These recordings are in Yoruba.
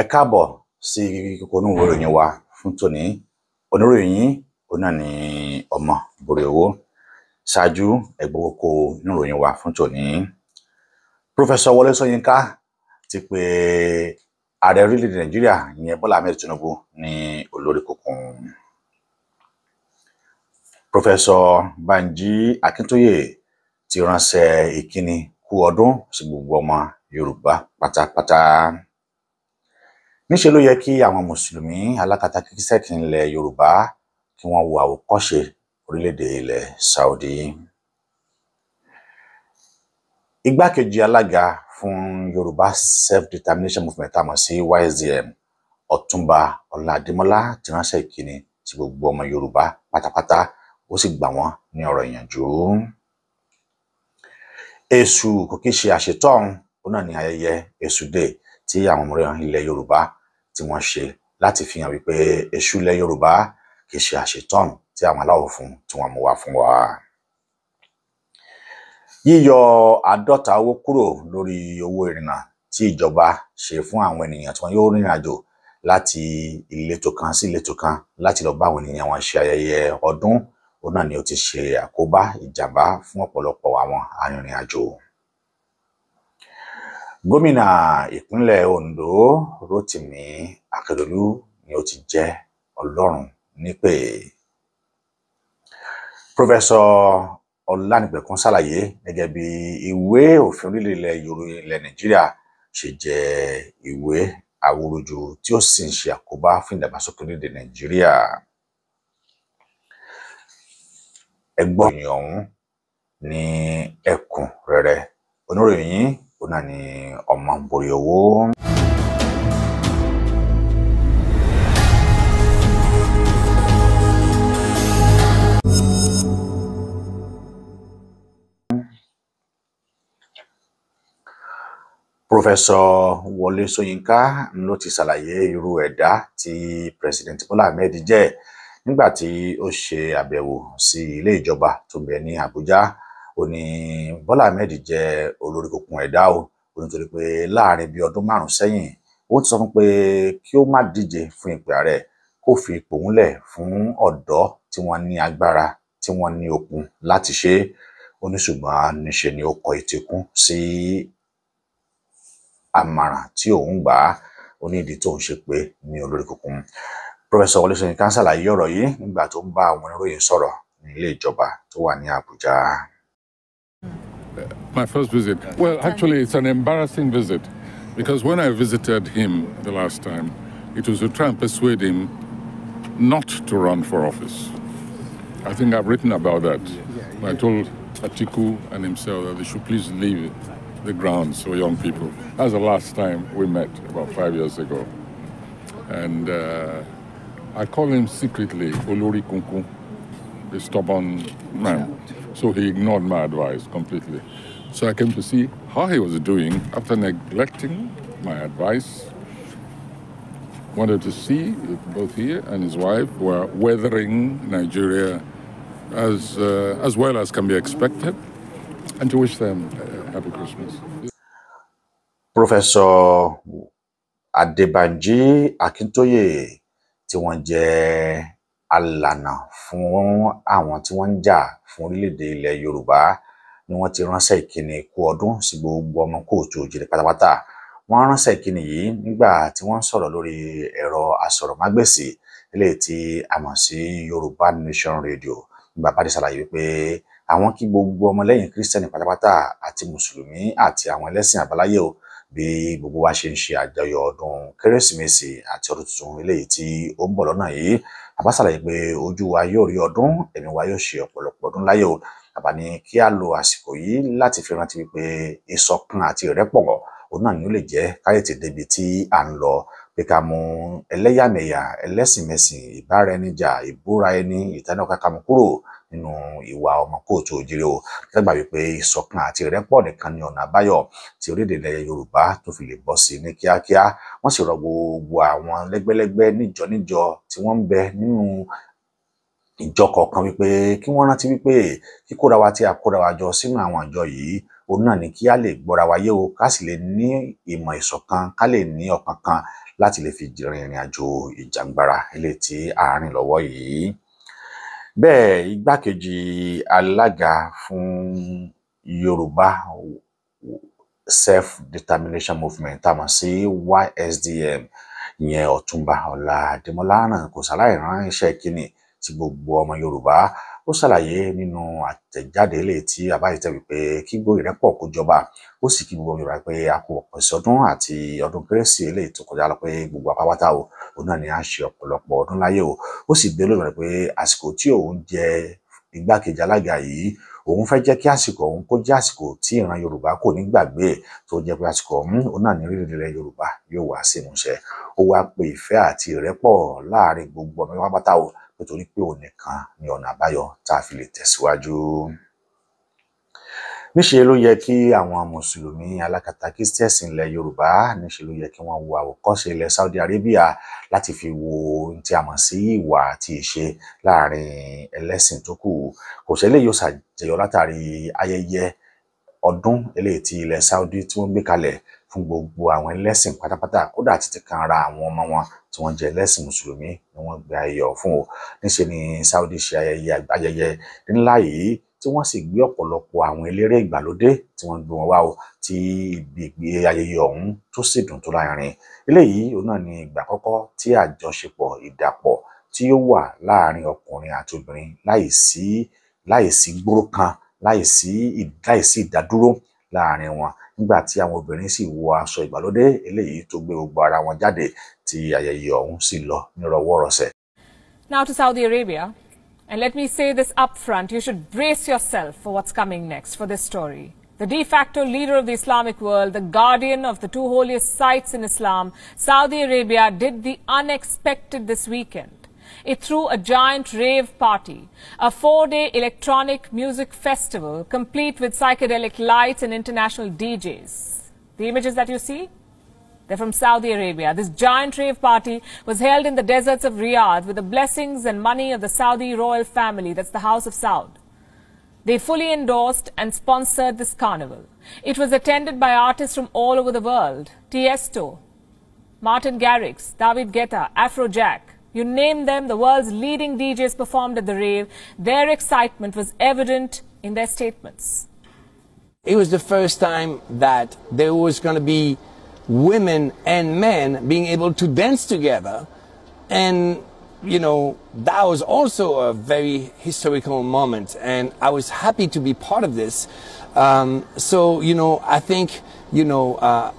ẹ káàbọ̀ sí kókónú ìròyìn wa fún tòní oníròyìn yìí ni ọmọ ìbòrè owó ṣáájú ẹgbẹ́ kókó ìròyìn wa fún tòní pọfẹsọ Wọlé Ṣóyínká ti pé ààrẹ orílẹ̀-èdè Nàìjíríà ìyẹn Bọ́lá Ahmed Tinubu ní olórí kòkun pọfẹsọ Banji Akíntóyè ti ránṣẹ́ ìkíni kú ọdún sí gbogbo ọmọ Yorùbá pátápátá. Pata, pata níṣe ló yẹ kí àwọn mùsùlùmí alákatakí sẹ́kì ilẹ̀ yorùbá kí wọ́n wo àwòkọ́ṣe orílẹ̀-èdè ilẹ̀ saudi igbákejì alága fún yorùbá self determination movement àmọ́ sí YZM ọ̀túnba ọlá adémọ́lá ti ránṣẹ́ ìkíni ti gbogbo ọmọ yorùbá pátápátá ó sì gbà wọ́n ní ọ̀rọ̀ ìyànjú èṣù kò kí ṣe àṣetọ́run ó náà ní ayẹyẹ èṣù dé tí àwọn ọmọ ilẹ̀ yorùbá tí wọ́n ṣe láti fi hàn wípé èṣù ilẹ̀ Yorùbá kì í ṣe àṣetọ́rùn tí àwọn aláwọ̀ funfun tí wọ́n mú wá fún wa. Yíyọ àádọ́ta owó kúrò lórí owó ìrìnnà tí ìjọba ṣe fún àwọn ènìyàn tí wọn yóò rìnrìn àjò láti ìletò kan sí ìletò kan láti lọ bá àwọn ènìyàn wọn ṣe ayẹyẹ ọdún òun náà ni ó ti ṣe àkóbá ìjàmbá fún ọ̀pọ̀lọpọ̀ àwọn arìnrìn àjò gómìnà ìpínlẹ̀ Ondo Rotimi Akeredolu ni ó ti jẹ́ Ọlọ́run nípè pọfẹsọ Ọlánìpẹ̀kun ṣàlàyé gẹ́gẹ́ bí ìwé òfin orílẹ̀ ilẹ̀ Nàìjíríà ṣe jẹ́ ìwé àwòrúju tí ó sì ń ṣe àkóbá fún ìdàgbàsókè orílẹ̀-èdè Nàìjíríà ẹgbọn ìròyìn ọ̀hún ní ẹ̀kúnrẹ́rẹ́ oníròyìn òun ni ọmọ borí owó. Prọfẹsọ Wọlé Ṣóyínká ló ti ṣàlàyé irú ẹ̀dá tí President Bola Ahmed jẹ́ nígbà tí ó ṣe àbẹ̀wò sí ilé ìjọba tó bẹ ní Àbújá ó ní Bọ́lá Ahmed jẹ́ olórí kokun ẹ̀dá o ó nítorí pé láàrin bíi ọdún márùn sẹ́yìn ó ti sọ fún pé kí ó má díje fún ipò ààrẹ kó fi ipò ńlẹ̀ fún ọ̀dọ́ tí wọ́n ní agbára tí wọ́n ní okun láti ṣe é ó ní ṣùgbọ́n níṣe ni ó kọ ìtìkún sí àmàràn tí òun gbà á ó ní ìdí tóun ṣe pé ní olórí kunkun pọfẹsọ Wọlé Ṣóyínká ṣàlàyé ọ̀rọ̀ yìí nígbà tó ń bá àwọn oníròyìn sọ̀rọ̀ ní ilé ìjọba tó wà ní Àbújá My first visit. Well, actually, it's an embarrassing visit because when I visited him the last time, it was to try and persuade him not to run for office. I think I've written about that. I told Atiku and himself that they should please leave the grounds for young people. That was the last time we met about five years ago. And uh, I call him secretly Olori Kunku, the stubborn man. So he ignored my advice completely. So I came to see how he was doing after neglecting my advice. Wanted to see if both he and his wife were weathering Nigeria as, uh, as well as can be expected, and to wish them a happy Christmas. Professor Adebanji Akintoye, tí wọ́n jẹ́ alànà fún àwọn tí ń jà ilẹ̀ Yorùbá. ni wọ́n ti ránṣẹ́ ìkíni kú ọdún sí gbogbo ọmọ kóòtù òjìrì pátápátá wọ́n ránṣẹ́ ìkíni yìí nígbà tí wọ́n ń sọ̀rọ̀ lórí ẹ̀rọ asọ̀rọ̀mágbèsì eléyìí tí a mọ̀ sí Yorùbá Nation Radio bàbá ti ṣàlàyé pé àwọn kí gbogbo ọmọlẹ́yìn Kristẹni pátápátá àti Mùsùlùmí àti àwọn ẹlẹ́sìn àbáláyé o bí gbogbo wa ṣe ń ṣe àjọyọ̀ ọdún Kérésìmesì àti ọdún tuntun eléyìí tí ó ń bọ̀ lọ́nà yìí bàbá ṣàlàyé pé ojú wa yóò rí ọdún ẹ̀mí wa yóò ṣe ọ̀pọ̀lọpọ̀ ọdún láyé o àbá ní kí a lo àsìkò yìí láti fi rántí wípé ìṣọ̀kan àti ìrẹ́pọ̀ òun náà ni ó lè jẹ́ káyọ̀tì débi tí à ń lọ pé ká mú ẹlẹ́yàmẹ̀yà ẹlẹ́sìnmẹ̀sìn ìbáraẹnijà ìbúra ẹni ìtẹ́nà kákámú kúrò nínú ìwà ọmọ kóòtù òjìrè o lẹ́gbàá wípé ìṣọ̀kan àti ìrẹ́pọ̀ nìkan ni ọ̀nà àbáyọ tí orílẹ̀-èdè yorùbá tó fi lè bọ́ sí ní kíákíá wọ́n sì rọ gbogbo àwọn lẹ́gbẹ́lẹ́gbẹ́ níjọ níjọ tí wọ́n ń bẹ nínú ìjọ kọ̀ọ̀kan wípé kí wọ́n rántí wípé kíkóra wa tí a kóra wa jọ sínú àwọn ìjọ yìí òun náà ni kí a lè gbọ́ra wa yé o ká sì lè ní ìmọ̀ ìṣọ̀kan ká lè ní ọkàn kan láti lè fi rin àjò ìjàngbara ilé tí a rìn lọ́wọ́ yìí. Bẹ́ẹ̀ igbákejì alága fún Yorùbá Self-Determination Movement tá sí YSDM ìyẹn Ọ̀túnba Ọlá Adémọ́lá náà kò sáláì ránṣẹ́ kínní tí gbogbo ọmọ Yorùbá ó ṣàlàyé nínú àtẹ̀jáde eléyìí tí bàbá yìí tẹ̀ wípé kí gbòòrè rẹ́pọ̀ kó jọba ó sì kí gbogbo Yorùbá pé a kú ọ̀pọ̀ ìsọdún àti ọdún kérésì eléyìí tó kọjá lọ pé gbogbo apáwátá o òun náà ni a ṣe ọ̀pọ̀lọpọ̀ ọdún láyé o ó sì gbé lónìí pé àsìkò tí òun jẹ igbákejì alága yìí òun fẹ́ jẹ́ kí àsìkò òun kó jẹ́ àsìkò tí ìran yorùbá kò ní gbàgbé e, tó jẹ́ pé àsìkò ọ̀hún òun náà ní rírì ilẹ̀ yorùbá yóò wá sí ìmúṣẹ ó wá pe ìfẹ́ àti ìrẹ́pọ̀ láàrin gbogbo ọmọ pátápátá o nítorí pé òun nìkan ni ọ̀nà àbáyọ tá a fi lè tẹ̀síwájú. níṣe ló yẹ kí àwọn mùsùlùmí alákatakítí ẹ̀sìn ilẹ̀ yorùbá níṣe ló yẹ kí wọ́n wo àwòkọ́ṣe ilẹ̀ saudi arabia láti fi wo ohun tí a mọ̀ sí ìwà àti ìṣe láàrin ẹlẹ́sìn tó kù kò ṣẹlẹ̀ yóò ṣàjẹyọ látàrí ayẹyẹ ọdún eléyìí tí ilẹ̀ saudi tí wọ́n gbé kalẹ̀ fún gbogbo àwọn ẹlẹ́sìn pátápátá kódà títí kan ra àwọn ọmọ wọn tí wọ́n jẹ́ ẹlẹ́sìn mùsùlùmí ni wọ́n gbé ayẹyẹ ọ̀fun o níṣe ni Saudi ṣe ayẹyẹ ayẹyẹ ńlá yìí tí wọ́n sì gbé ọ̀pọ̀lọpọ̀ àwọn eléré ìgbàlódé tí wọ́n gbé wọn wá o tí ibi ayẹyẹ ọ̀hún tó sì dùn tó láàrin eléyìí òun náà ni ìgbà àkọ́kọ́ tí àjọṣepọ̀ ìdàpọ̀ tí ó wà láàrin ọkùnrin àti obìnrin láìsí láìsí gbóró kan láìsí ìdádúró láàrin wọn nígbà tí àwọn obìnrin sì wọ aṣọ ìgbàlódé eléyìí tó gbé gbogbo ara wọn jáde tí ayẹyẹ ọ̀hún sì lọ nírọwọ́rọsẹ̀. Now to Saudi Arabia. And let me say this up front, you should brace yourself for what's coming next for this story. The de facto leader of the Islamic world, the guardian of the two holiest sites in Islam, Saudi Arabia did the unexpected this weekend. It threw a giant rave party, a four-day electronic music festival complete with psychedelic lights and international DJs. The images that you see, they're from Saudi Arabia. This giant rave party was held in the deserts of Riyadh with the blessings and money of the Saudi royal family, that's the House of Saud. They fully endorsed and sponsored this carnival. It was attended by artists from all over the world. Tiesto, Martin Garrix, David Guetta, Afrojack, you name them, the world's leading DJs performed at the rave. Their excitement was evident in their statements. It was the first time that there was going to be women and men being able to dance together. And, you know, that was also a very historical moment. And I was happy to be part of this. Um, so, you know, I think, you know, uh,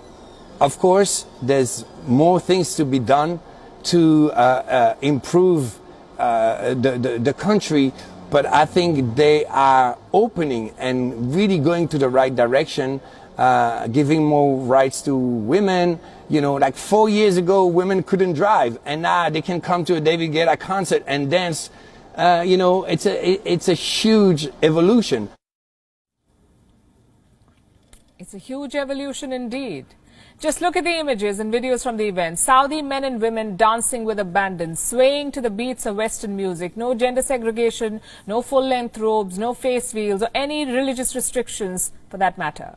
of course, there's more things to be done to uh, uh, improve uh, the, the, the country, but I think they are opening and really going to the right direction, uh, giving more rights to women. You know, like four years ago, women couldn't drive, and now they can come to a David Guetta concert and dance. Uh, you know, it's a it's a huge evolution. It's a huge evolution indeed. Just look at the images and videos from the event. Saudi men and women dancing with abandon, swaying to the beats of Western music. No gender segregation, no full-length robes, no face veils, or any religious restrictions for that matter.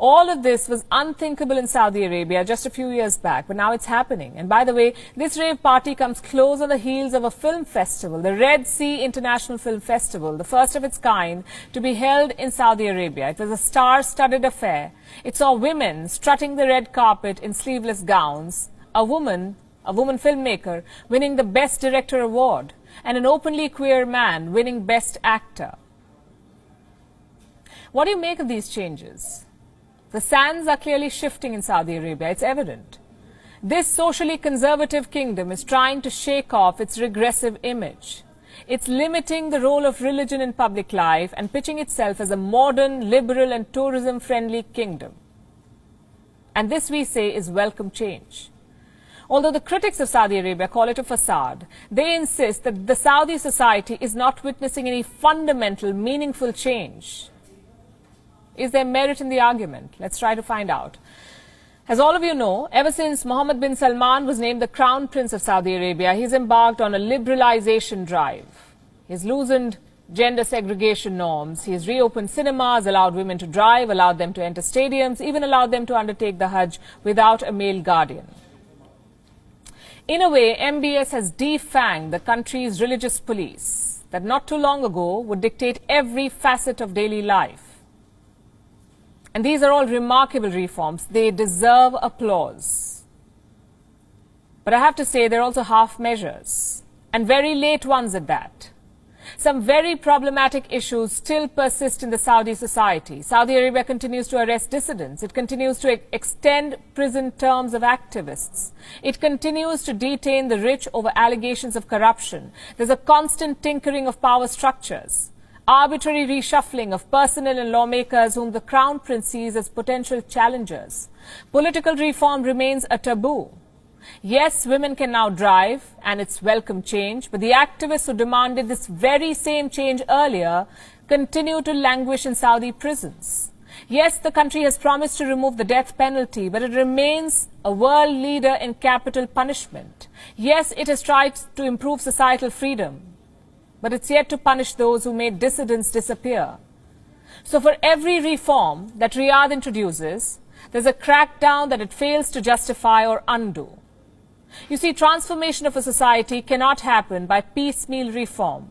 All of this was unthinkable in Saudi Arabia just a few years back, but now it's happening. And by the way, this rave party comes close on the heels of a film festival, the Red Sea International Film Festival, the first of its kind to be held in Saudi Arabia. It was a star-studded affair. It saw women strutting the red carpet in sleeveless gowns, a woman, a woman filmmaker, winning the Best Director Award, and an openly queer man winning Best Actor. What do you make of these changes? The sands are clearly shifting in Saudi Arabia, it's evident. This socially conservative kingdom is trying to shake off its regressive image. It's limiting the role of religion in public life and pitching itself as a modern, liberal and tourism-friendly kingdom. And this, we say, is welcome change. Although the critics of Saudi Arabia call it a facade, they insist that the Saudi society is not witnessing any fundamental, meaningful change. Is there merit in the argument? Let's try to find out. As all of you know, ever since Mohammed bin Salman was named the Crown Prince of Saudi Arabia, he's embarked on a liberalization drive. He's loosened gender segregation norms. He's reopened cinemas, allowed women to drive, allowed them to enter stadiums, even allowed them to undertake the Hajj without a male guardian. In a way, MBS has defanged the country's religious police that not too long ago would dictate every facet of daily life. And these are all remarkable reforms. They deserve applause. But I have to say, they're also half measures, and very late ones at that. Some very problematic issues still persist in the Saudi society. Saudi Arabia continues to arrest dissidents. It continues to ex extend prison terms of activists. It continues to detain the rich over allegations of corruption. There's a constant tinkering of power structures arbitrary reshuffling of personnel and lawmakers whom the Crown Prince sees as potential challengers. Political reform remains a taboo. Yes, women can now drive, and it's welcome change, but the activists who demanded this very same change earlier continue to languish in Saudi prisons. Yes, the country has promised to remove the death penalty, but it remains a world leader in capital punishment. Yes, it has tried to improve societal freedom, but it's yet to punish those who made dissidents disappear. So for every reform that Riyadh introduces, there's a crackdown that it fails to justify or undo. You see, transformation of a society cannot happen by piecemeal reform.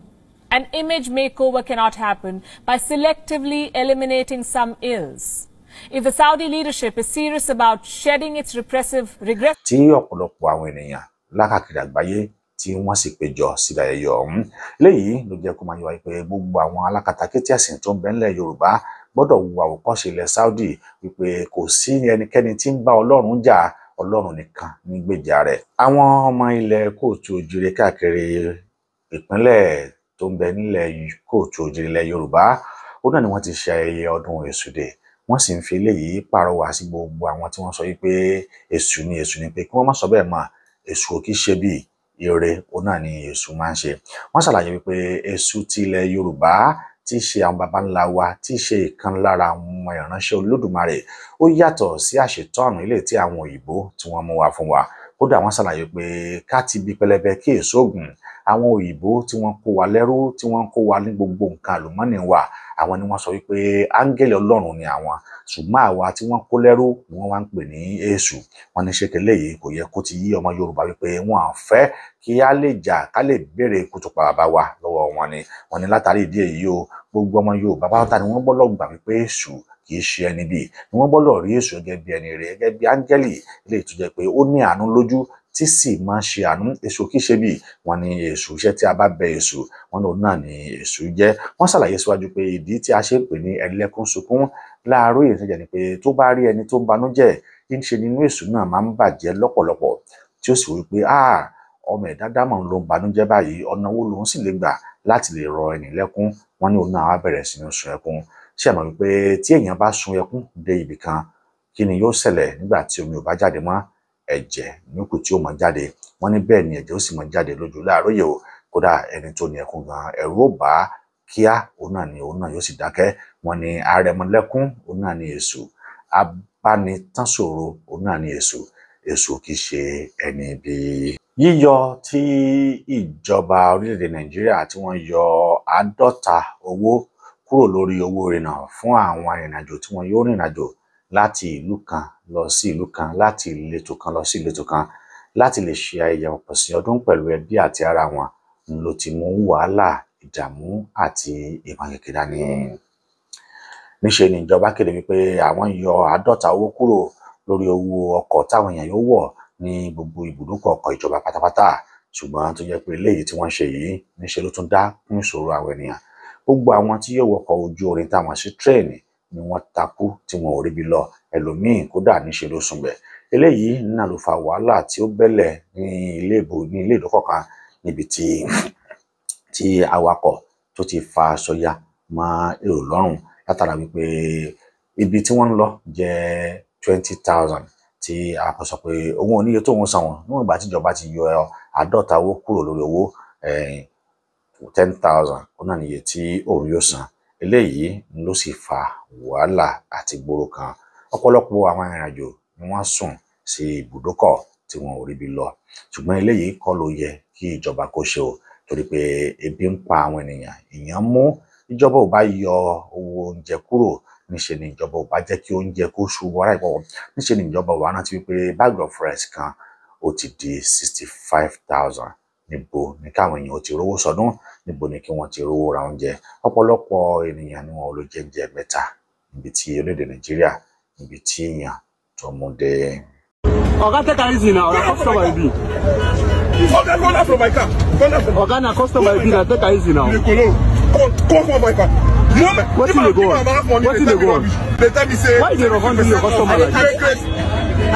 An image makeover cannot happen by selectively eliminating some ills. If the Saudi leadership is serious about shedding its repressive regret. tí wọ́n sì péjọ síbi ayẹyẹ ọ̀hún léyìí ló jẹ́ kó máa yọ pé gbogbo àwọn alákatakítí ẹ̀sìn tó ń bẹ ńlẹ̀ Yorùbá gbọ́dọ̀ wo àwòkọ́ṣe ilẹ̀ Saudi wípé kò sí ẹnikẹ́ni tí ń bá Ọlọ́run jà Ọlọ́run nìkan ní gbèjà rẹ̀ àwọn ọmọ ilẹ̀ kóòtù òjìrè káàkiri ìpínlẹ̀ tó ń bẹ nílẹ̀ kóòtù òjìrè ilẹ̀ Yorùbá ó náà ni wọ́n ti ṣe ayẹyẹ ọdún Èṣùdè wọ́n sì ń fi eléyìí pàrọwà sí gbogbo àwọn tí wọ́n sọ wípé èṣù ni èṣù ni pé kí wọ́n má sọ bẹ́ẹ̀ mọ́ èṣù ò kì ṣe bíi ire òun náà ni èṣù máa ń ṣe wọ́n ṣàlàyé wípé èṣù ti ilẹ̀ yorùbá tí í ṣe àwọn baba ńlá wa tí í ṣe ìkan lára àwọn ìránṣẹ́ olódùmarè ó yàtọ̀ sí àṣetọ́nù ilé tí àwọn òyìnbó tí wọ́n mú wá fún wa kódà wọ́n ṣàlàyé pé ká ti bi pẹlẹbẹ kí èso ògùn àwọn òyìnbó tí wọ́n kó wa lẹ́rú tí wọ́n kó wa ní gbogbo nǹkan àlùmọ́nì wa àwọn ni wọ́n sọ wípé áńgẹ́lì ọlọ́run ni àwọn ṣùgbọ́n àwa tí wọ́n kó lẹ́rú ni wọ́n wá ń pè ní èṣù wọ́n ní ṣékelé yìí kò yẹ kó ti yí ọmọ yorùbá wípé wọn à fẹ́ kí á lè jà ká lè béèrè kùtùpà bàbá wa lọ́wọ́ wọn ni wọ́n ní látàrí ìdí èyí o gbogbo ọmọ yorùbá pátá ni wọ́n gbọ́dọ̀ gbà wípé èṣù kì í ṣe ẹni bíi ni wọ́n gbọ́dọ̀ rí èṣù gẹ́gẹ́ bí ẹni rẹ̀ gẹ́gẹ́ bí áńgẹ́lì eléyìí tó pé ó ní àánú lójú tí sì máa ń ṣe àánú èṣù kìí ṣe bí wọn ní èṣù iṣẹ́ tí a bá bẹ èṣù wọn lòun náà ní èṣù jẹ́ wọ́n ṣàlàyé síwájú pé ìdí tí a ṣe ń pè ní ẹlẹ́kún sunkún láàárọ̀ èyí ṣẹjẹ ni pé tó bá rí ẹni tó ń banújẹ́ ńṣe nínú èṣù náà máa ń bàjẹ́ lọ́pọ̀lọpọ̀ tí ó sì wí pé ah ọmọ ẹ̀dá dámọ̀ ló ń banújẹ́ báyìí ọ̀nà wo lòun sì lè gbà láti lè rọ ẹni lẹ́kún wọn ní òun náà á bẹ̀rẹ̀ sí ní sun ẹkún ṣé ẹ wípé tí èèyàn bá sun ẹkún dé ibì kí ni yóò ṣẹlẹ̀ nígbà tí omi ò bá jáde mọ́ ẹ̀jẹ̀ níkù tí ó mọ jáde wọ́n ní bẹ́ẹ̀ ni ẹ̀jẹ̀ ó sì mọ jáde lójú láàárọ̀ yẹ̀ o kódà ẹni tó ní ẹkún gan ẹ̀rù ó bà á kíá òun náà ni òun náà yóò sì dákẹ́ wọ́n ní arẹmọlẹ́kún òun náà ni èṣù abánitánṣòro òun náà ni èṣù èṣù kì í ṣe ẹni bí. yíyọ tí ìjọba orílẹ̀-èdè nàìjíríà tí wọ́n yọ àádọ́ta owó kúrò lórí owó ìrìnnà fún àwọn ìrìnàjò tí wọ́n yóò rìnrìnàjò láti ìlú kan lọ sí ìlú kan láti ìletò kan lọ sí ìletò kan láti lè ṣe ayẹyẹ ọ̀pọ̀sìn ọdún pẹ̀lú ẹbí àti ara wọn ló ti mú wàhálà ìdààmú àti ìmọ̀ kékeré ní. ni ìjọba kéde wípé àwọn yọ àádọ́ta owó kúrò lórí owó ọkọ̀ táwọn èèyàn yóò wọ̀ ní gbogbo ibùdókọ̀ ọkọ̀ ìjọba pátápátá ṣùgbọ́n tó jẹ́ pé eléyìí tí wọ́n ṣe yìí níṣe ló tún dá kún ìṣòro àwọn ènìyàn gbogbo àwọn tí yóò wọkọ̀ ojú orin táwọn sí tírẹ̀nì ni wọ́n takú tí wọn ò ríbi lọ ẹlòmíín kódà níṣe ló sùnbẹ̀ eléyìí náà ló fa wàhálà tí ó bẹ́lẹ̀ ní ilé ìbò ní ilé ìdókọ̀kan níbi tí tí awakọ̀ tó ti fa aṣọ mọ èrò lọ́rùn látara wípé ibi tí wọ́n ń lọ jẹ́ twenty thousand tí a kò sọ pé owó oníye tóun san wọn níwọ̀n ìgbà tíjọba ti yọ àádọ́ta owó kúrò lórí owó eh, ten thousand ó náà níye tí òun yóò san eléyìí ló sì fa wàhálà àti gbòòrò kan ọ̀pọ̀lọpọ̀ àwọn arìnrìnàjò ni wọ́n sùn sí ibùdókọ̀ tí wọn ò ríbi lọ ṣùgbọ́n eléyìí kọ́ ló yẹ kí ìjọba kó ṣe o torí pé ebi ń pa àwọn ènìyàn èèyàn mú ìjọba ò bá yọ owó oúnjẹ kúrò níṣe ni ìjọba ò bá jẹ́ kí oúnjẹ kó ṣubú ara ìpọ̀ níṣe ni ìjọba ò rántí wípé bag of rice kan ó ti di sixty five thousand níbo ni káwọn èèyàn ó ti rówó sọdún níbo ni kí wọ́n ti rówó ra oúnjẹ ọ̀pọ̀lọpọ̀ ènìyàn ni wọn ò lo jẹjẹ mẹ́ta níbi tí orílẹ̀-èdè nàìjíríà níbi tí èèyàn tó mú dé. ọ̀gá tẹ́ka easy na ọ̀rọ̀ customer ibi. ọ̀gá go down from my car go down from. ọ̀gá na customer ibi na tẹ́ka easy na. come from my car. wetin dey go on wetin dey go on. they tell me say. why you refund me customer like that.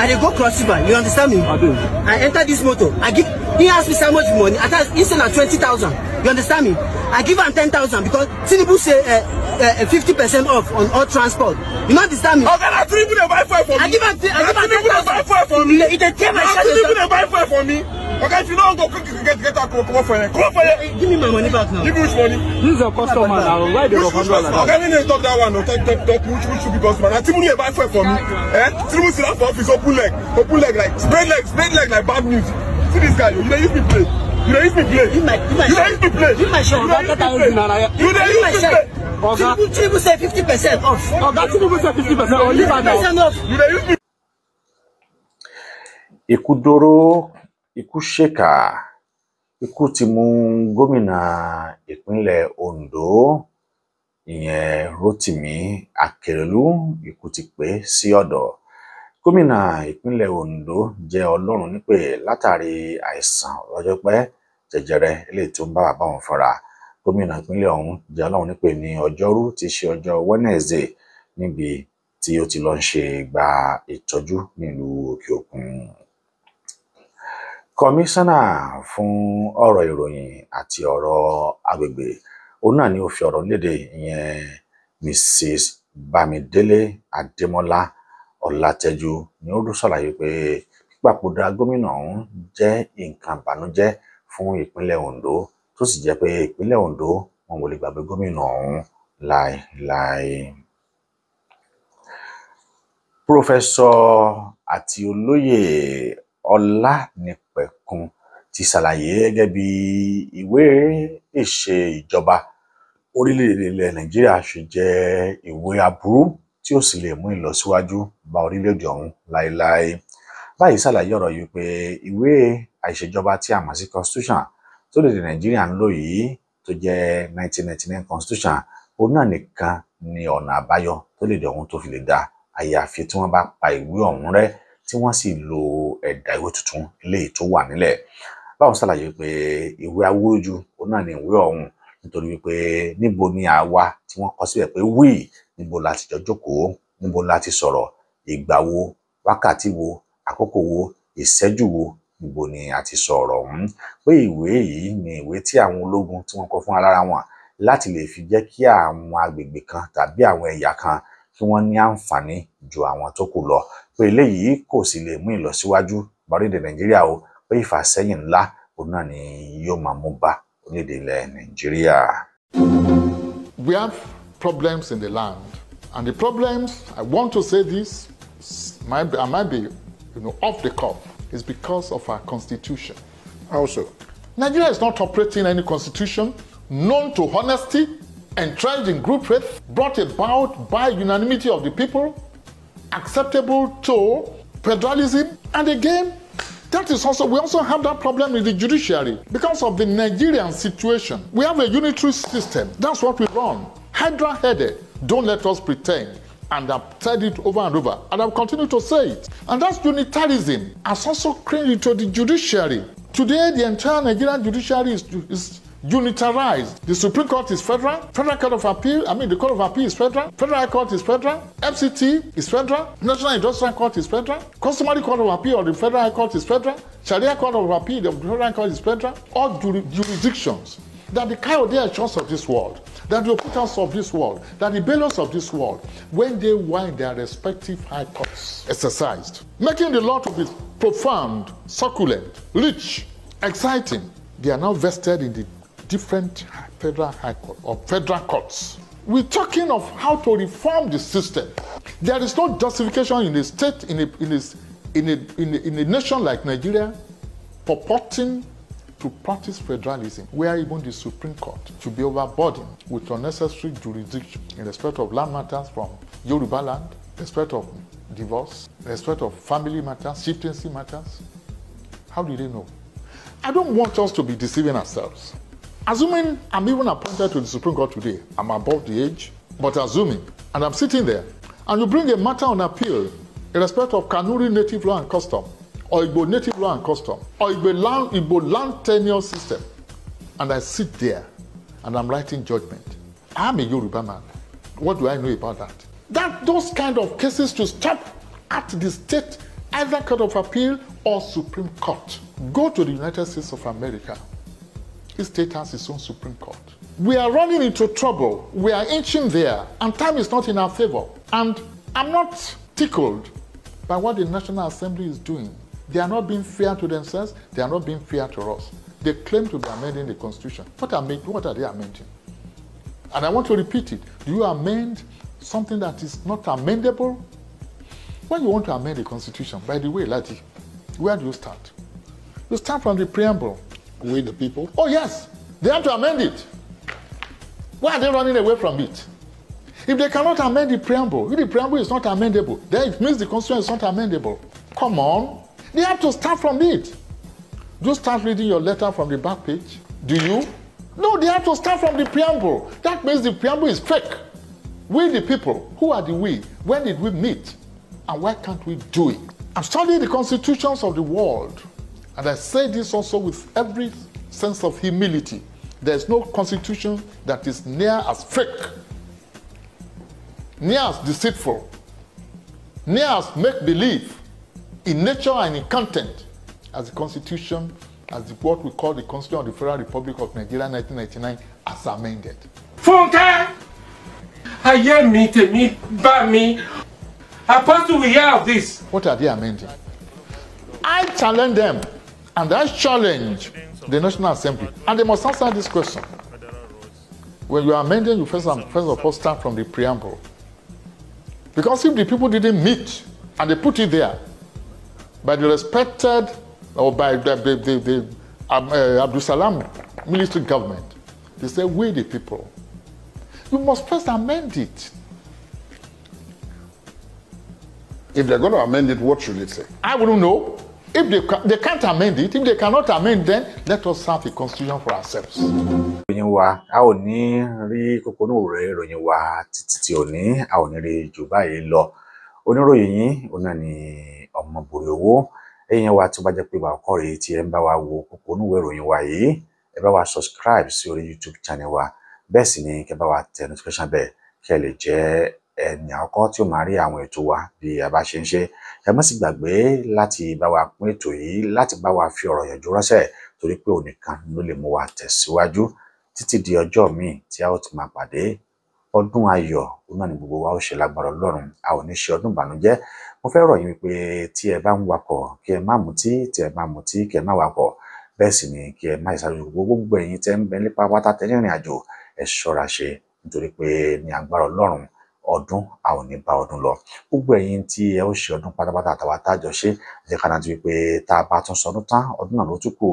I dey go cross river, you understand me? I do. I enter this motor, I give, he ask me how much money, I tell him, he say na twenty thousand. You understand me? I give am 10,000 because Tinibu say uh, uh, off on all transport. You not understand me? Okay, now Tinubu dey buy fuel for me. I give am 10,000. Tinubu dey buy fuel for me. It dey tear my shadow. Tinubu buy fuel for me. Okay, if you don't go, quick, get, get out, come on for here. Come on for here. Give me my money back now. Give me which money? This is your customer now. Why they rock and roll like that? Okay, let me talk that one. Talk, talk, talk. Which, which should be customer? Now Tinubu dey buy fuel for me. Eh? Tinubu sit down for office, open leg. Open leg like, spread leg, spread leg like bad news. See this guy, you know, you be playing. You don't use me play. You don't use me play. You my share. You don't use play. Oga. Tinubu say fifty percent off. Oga Tinubu say fifty percent off. Leave am now. You don't use Ikú dóró, ikú ṣèkà, ikú ti mú gómìnà ìpínlẹ̀ Ondo ìyẹn Rotimi Akerelu ikú ti pè é sí ọ̀dọ̀ gómìnà ìpínlẹ̀ Ondo jẹ́ Ọlọ́run nípè látàrí àìsàn ọlọ́jọ́ pẹ́ jẹjẹrẹ eléyìí tó ń bá bàbá wọn fara gómìnà ìpínlẹ̀ ọ̀hún jẹ́ Ọlọ́run nípè ní ọjọ́rú ti ṣe ọjọ́ Wednesday níbi tí ó ti lọ ń ṣe gba ìtọ́jú nílùú òkè òkun kọmíṣánná fún ọ̀rọ̀ ìròyìn àti ọ̀rọ̀ agbègbè òun náà ni ó fi ọ̀rọ̀ léde ìyẹn Mrs Bamidele Ademola ọlátẹjú ni ó dún ṣàlàyé pé pípapòdà gómìnà ọ̀hún jẹ nǹkan ìbànújẹ́ fún ìpínlẹ̀ Ondo tó sì jẹ pé ìpínlẹ̀ Ondo wọn ò lè gbàgbé gómìnà ọ̀hún láéláé pòfẹsọ àti olóyè Ọlánìpẹ̀kun ti ṣàlàyé gẹ́gẹ́ bí ìwé ìṣe ìjọba orílẹ̀-èdè ilẹ̀ Nàìjíríà ṣe jẹ́ ìwé aburú tí ó sì lè mú ìlọsíwájú bá orílẹ̀-èdè ọ̀hún láéláé báyìí ṣàlàyé ọ̀rọ̀ yìí pé ìwé àìṣèjọba tí a mọ̀ sí constitution tó lè dè nàìjíríà ń lò yìí tó jẹ́ 1999 constitution òun náà nìkan ni ọ̀nà àbáyọ tó lè dè ọ̀hún tó fi lè da àyàfi tí wọ́n bá pa ìwé ọ̀hún rẹ́ tí wọ́n sì lo ẹ̀dà ìwé tuntun eléyìí tó wà nílẹ̀ báwọn ṣàlàyé pé ìwé awúrúju òun náà ni ìwé ọ̀hún nítorí wípé níbo ni àwa tí wọ́n kọ síbẹ̀ pé wí níbo la ti jọ níbo la ti sọ̀rọ̀ ìgbà wo wákàtí wo àkókò wo ìṣẹ́jú wo níbo ni a ti sọ̀rọ̀ ọ̀hún hmm. pé ìwé yìí ni ìwé tí àwọn ológun tí wọ́n kọ fún ara wọn láti lè fi jẹ́ kí àwọn agbègbè kan tàbí àwọn ẹ̀yà kan kí wọ́n ní àǹfààní ju àwọn tó kù lọ pé eléyìí kò sì lè mú ìlọsíwájú bá Nàìjíríà o pé ìfàsẹ́yìn ńlá òun náà ni yóò máa mú bá orílẹ̀ Nàìjíríà. We have problems in the land and the problems I want to say this might be, I might be you know, off the cuff is because of our constitution. Also, Nigeria is not operating any constitution known to honesty, entrenched in group faith, brought about by unanimity of the people, acceptable to federalism, and again That is also, we also have that problem in the judiciary because of the Nigerian situation. We have a unitary system. That's what we run. Hydra headed. Don't let us pretend. And I've said it over and over, and I've continued to say it. And that's unitarism has also crept into the judiciary. Today, the entire Nigerian judiciary is, is unitarized. The Supreme Court is federal, Federal Court of Appeal, I mean the Court of Appeal is federal, Federal High Court is federal, FCT is federal, National Industrial Court is federal, Customary Court of Appeal of the Federal High Court is federal, Sharia Court of Appeal of the Federal High Court is federal, all jur jurisdictions that the Coyote Assurance of this world, that the Okutas of this world, that the Bellows of this world, when they wind their respective high courts, exercised, making the law to be profound, succulent, rich, exciting, they are now vested in the different federal high court or federal courts. We're talking of how to reform the system. There is no justification in a state, in a, in a, in a, in a, in a nation like Nigeria, purporting to practice federalism, where even the Supreme Court should be overburdened with unnecessary jurisdiction in respect of land matters from Yoruba land, respect of divorce, respect of family matters, chieftaincy matters. How do they know? I don't want us to be deceiving ourselves. Assuming I'm even appointed to the Supreme Court today, I'm above the age, but assuming, and I'm sitting there, and you bring a matter on appeal in respect of Kanuri native law and custom, or Igbo native law and custom, or Igbo land, Igbo land tenure system, and I sit there and I'm writing judgment. I'm a Yoruba man. What do I know about that? That those kind of cases to stop at the state either court of appeal or Supreme Court. Go to the United States of America This state has its own Supreme Court. We are running into trouble. We are inching there, and time is not in our favor. And I'm not tickled by what the National Assembly is doing. They are not being fair to themselves, they are not being fair to us. They claim to be amending the Constitution. What are, what are they amending? And I want to repeat it. Do you amend something that is not amendable? When you want to amend the Constitution, by the way, Lati, where do you start? You start from the preamble we the people? Oh, yes. They have to amend it. Why are they running away from it? If they cannot amend the preamble, if the preamble is not amendable, then it means the constitution is not amendable. Come on. They have to start from it. Do you start reading your letter from the back page? Do you? No, they have to start from the preamble. That means the preamble is fake. We, the people, who are the we? When did we meet? And why can't we do it? I'm studying the constitutions of the world. And I say this also with every sense of humility. There is no constitution that is near as fake, near as deceitful, near as make believe in nature and in content as the constitution, as the, what we call the Constitution of the Federal Republic of Nigeria 1999 as amended. Funke! I Ayé me by me. mi. Apostle we hear of this. What are they amending? I challenge them. And that challenge the National Assembly. And they must answer this question. When you are amending, you first, first of all start from the preamble. Because if the people didn't meet and they put it there, by the respected or by the, the, the, the um, uh, Abdul Salam military government, they say We the people. You must first amend it. If they're going to amend it, what should it say? I wouldn't know. If they, ca they can't amend it, if they cannot amend, then let us have a constitution for ourselves. Ìròyìn wa, a ò ní rí kókónú rẹ̀ ìròyìn wa títí tí ò ní, a ò ní rí jù báyìí lọ. Oníròyìn yìí, òun náà ni Ọmọbùrè Owó. Ẹ̀yin wa tó bá jẹ́ pé wàá kọ́ rèé tí ẹ ń bá wa wo kókónú ìròyìn wa yìí, ẹ bá wa subscribe sí orí YouTube channel wa. Bẹ́ẹ̀ sì ni kẹ bá wa tẹ notification bell kẹ lè jẹ́ ẹni àkọ́kọ́ tí ó máa rí àwọn ètò wa bí a bá ṣe ń ṣe ẹ má sì gbàgbé láti bá wa pín ètò yìí láti bá wa fi ọ̀rọ̀ yànjú ránṣẹ́ torí pé òun ló lè mú wa tẹ̀síwájú títí di ọjọ́ míì tí a ó ti máa pàdé ọdún ayọ̀ òun náà gbogbo wa ó ṣe lágbára Ọlọ́run a ò ní ṣe ọdún ìbànújẹ́ mo fẹ́ rọ̀ yín wípé tí ẹ bá ń wakọ̀ kí ẹ má mutí tí ẹ má mutí kí ẹ má wakọ̀ bẹ́ẹ̀ sì ni kí ẹ má ìsáré gbogbo gbogbo ẹ̀yin ń bẹ nípa pátá tẹ́ ní ìrìn àjò ẹ ṣọ́ra ṣe nítorí pé ní agbára Ọlọ́run ọdún a ò ní bá ọdún lọ gbogbo ẹ̀yin tí ẹ ó ṣe ọdún pátápátá àtàwọn àtàjọ ṣe ẹ jẹ́ ká rántí wípé tá a bá tún sọdún tán ọdún náà ló tún kù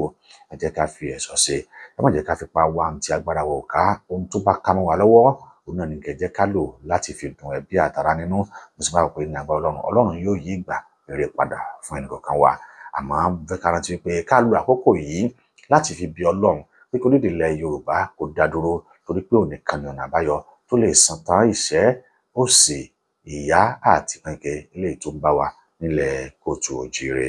ẹ jẹ́ ká fi ẹ̀sọ̀ ṣe ẹ má jẹ́ ká fi pa wá ti agbára wọ̀ ká ohun tó bá ká mọ́ wa lọ́wọ́ òun náà ní kẹjẹ ká lò láti fi dùn ẹbí àtàrà nínú mo sì bá wọ pé ní agbára Ọlọ́run Ọlọ́run yóò yí ìgbà rere padà fún ẹnìkọ̀ọ̀kan wa àmọ́ fẹ́ ká rántí wípé ká lo àkókò yìí láti fi bí Ọlọ́run pé kí onídìí ilẹ̀ Yorùbá kò dá dúró torí pé òun nìkan ni ọ̀nà àbáyọ tó lè san tán ìṣẹ́ òsì ìyá àti pẹ̀ǹkẹ́ eléyìí tó ń bá wa nílẹ̀ kóòtù òjìire